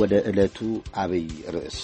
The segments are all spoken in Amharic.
ወደ ዕለቱ አብይ ርዕስ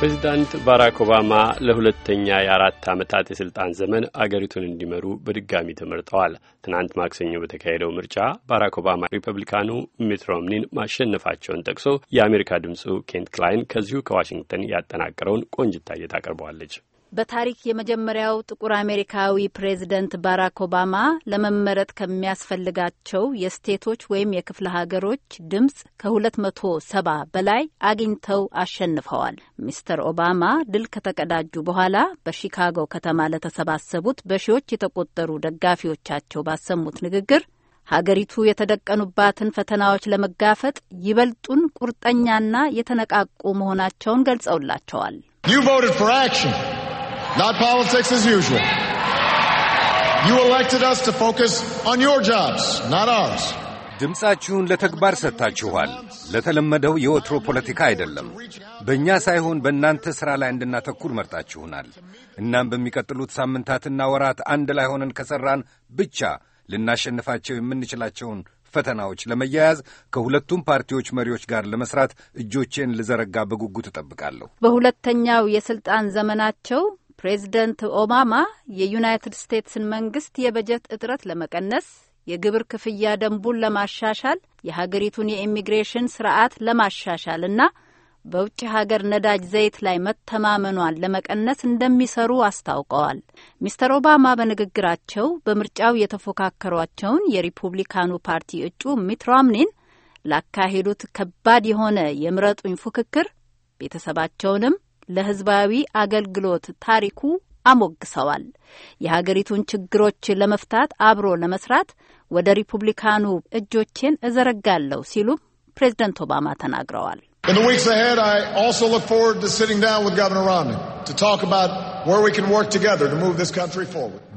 ፕሬዚዳንት ባራክ ኦባማ ለሁለተኛ የአራት ዓመታት የሥልጣን ዘመን አገሪቱን እንዲመሩ በድጋሚ ተመርጠዋል። ትናንት ማክሰኞ በተካሄደው ምርጫ ባራክ ኦባማ ሪፐብሊካኑ ሚት ሮምኒን ማሸነፋቸውን ጠቅሶ የአሜሪካ ድምፁ ኬንት ክላይን ከዚሁ ከዋሽንግተን ያጠናቀረውን ቆንጅታየት አቅርበዋለች። በታሪክ የመጀመሪያው ጥቁር አሜሪካዊ ፕሬዝደንት ባራክ ኦባማ ለመመረጥ ከሚያስፈልጋቸው የስቴቶች ወይም የክፍለ ሀገሮች ድምፅ ከ270 በላይ አግኝተው አሸንፈዋል። ሚስተር ኦባማ ድል ከተቀዳጁ በኋላ በሺካጎ ከተማ ለተሰባሰቡት በሺዎች የተቆጠሩ ደጋፊዎቻቸው ባሰሙት ንግግር ሀገሪቱ የተደቀኑባትን ፈተናዎች ለመጋፈጥ ይበልጡን ቁርጠኛና የተነቃቁ መሆናቸውን ገልጸውላቸዋል። not politics as usual. You elected us to focus on your jobs, not ours. ድምፃችሁን ለተግባር ሰጥታችኋል። ለተለመደው የወትሮ ፖለቲካ አይደለም። በእኛ ሳይሆን በእናንተ ሥራ ላይ እንድናተኩር መርጣችሁናል። እናም በሚቀጥሉት ሳምንታትና ወራት አንድ ላይ ሆነን ከሠራን ብቻ ልናሸንፋቸው የምንችላቸውን ፈተናዎች ለመያያዝ ከሁለቱም ፓርቲዎች መሪዎች ጋር ለመስራት እጆቼን ልዘረጋ በጉጉት እጠብቃለሁ። በሁለተኛው የሥልጣን ዘመናቸው ፕሬዚደንት ኦባማ የዩናይትድ ስቴትስን መንግስት የበጀት እጥረት ለመቀነስ የግብር ክፍያ ደንቡን ለማሻሻል የሀገሪቱን የኢሚግሬሽን ስርዓት ለማሻሻል እና በውጭ ሀገር ነዳጅ ዘይት ላይ መተማመኗን ለመቀነስ እንደሚሰሩ አስታውቀዋል። ሚስተር ኦባማ በንግግራቸው በምርጫው የተፎካከሯቸውን የሪፑብሊካኑ ፓርቲ እጩ ሚት ሮምኒን ላካሄዱት ከባድ የሆነ የምረጡኝ ፉክክር ቤተሰባቸውንም ለህዝባዊ አገልግሎት ታሪኩ አሞግሰዋል። የሀገሪቱን ችግሮች ለመፍታት አብሮ ለመስራት ወደ ሪፑብሊካኑ እጆቼን እዘረጋለሁ ሲሉም ፕሬዝደንት ኦባማ ተናግረዋል።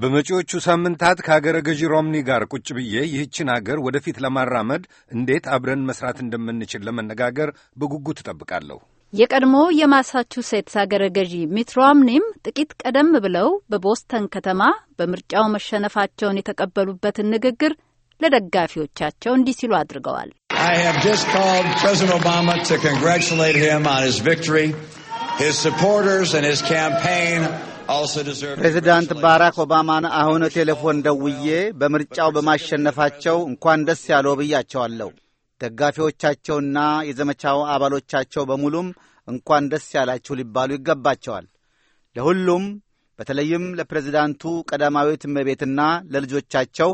በመጪዎቹ ሳምንታት ከአገረ ገዢ ሮምኒ ጋር ቁጭ ብዬ ይህችን አገር ወደፊት ለማራመድ እንዴት አብረን መስራት እንደምንችል ለመነጋገር በጉጉት እጠብቃለሁ። የቀድሞ የማሳቹሴትስ አገረ ገዢ ሚት ሮምኒም ጥቂት ቀደም ብለው በቦስተን ከተማ በምርጫው መሸነፋቸውን የተቀበሉበትን ንግግር ለደጋፊዎቻቸው እንዲህ ሲሉ አድርገዋል። ፕሬዚዳንት ባራክ ኦባማን አሁን ቴሌፎን ደውዬ በምርጫው በማሸነፋቸው እንኳን ደስ ያለው ብያቸዋለሁ። ደጋፊዎቻቸውና የዘመቻው አባሎቻቸው በሙሉም እንኳን ደስ ያላችሁ ሊባሉ ይገባቸዋል። ለሁሉም በተለይም ለፕሬዚዳንቱ ቀዳማዊት እመቤትና ለልጆቻቸው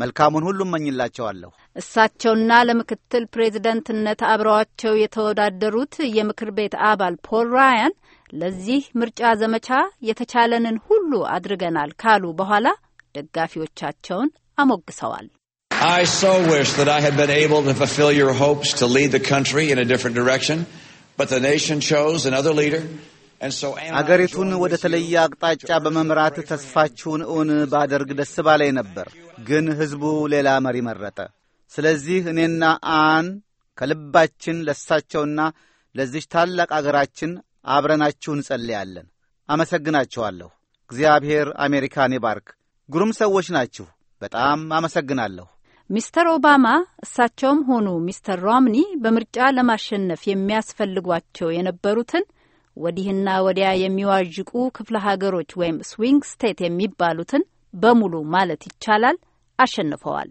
መልካሙን ሁሉ እመኝላቸዋለሁ። እሳቸውና ለምክትል ፕሬዝደንትነት አብረዋቸው የተወዳደሩት የምክር ቤት አባል ፖል ራያን ለዚህ ምርጫ ዘመቻ የተቻለንን ሁሉ አድርገናል ካሉ በኋላ ደጋፊዎቻቸውን አሞግሰዋል። I so wish that I had been able to fulfill your hopes to lead the country in a different direction, but the nation chose another leader. አገሪቱን ወደ ተለየ አቅጣጫ በመምራት ተስፋችሁን እውን ባደርግ ደስ ባላይ ነበር፣ ግን ሕዝቡ ሌላ መሪ መረጠ። ስለዚህ እኔና አን ከልባችን ለሳቸውና ለዚች ታላቅ አገራችን አብረናችሁ እንጸልያለን። አመሰግናችኋለሁ። እግዚአብሔር አሜሪካን ይባርክ። ግሩም ሰዎች ናችሁ። በጣም አመሰግናለሁ። ሚስተር ኦባማ እሳቸውም ሆኑ ሚስተር ሮምኒ በምርጫ ለማሸነፍ የሚያስፈልጓቸው የነበሩትን ወዲህና ወዲያ የሚዋዥቁ ክፍለ ሀገሮች ወይም ስዊንግ ስቴት የሚባሉትን በሙሉ ማለት ይቻላል አሸንፈዋል።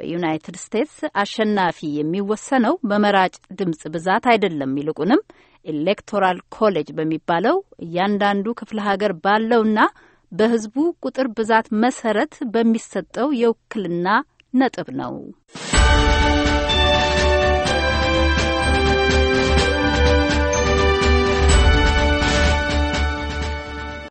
በዩናይትድ ስቴትስ አሸናፊ የሚወሰነው በመራጭ ድምፅ ብዛት አይደለም። ይልቁንም ኤሌክቶራል ኮሌጅ በሚባለው እያንዳንዱ ክፍለ ሀገር ባለውና በህዝቡ ቁጥር ብዛት መሰረት በሚሰጠው የውክልና ነጥብ ነው።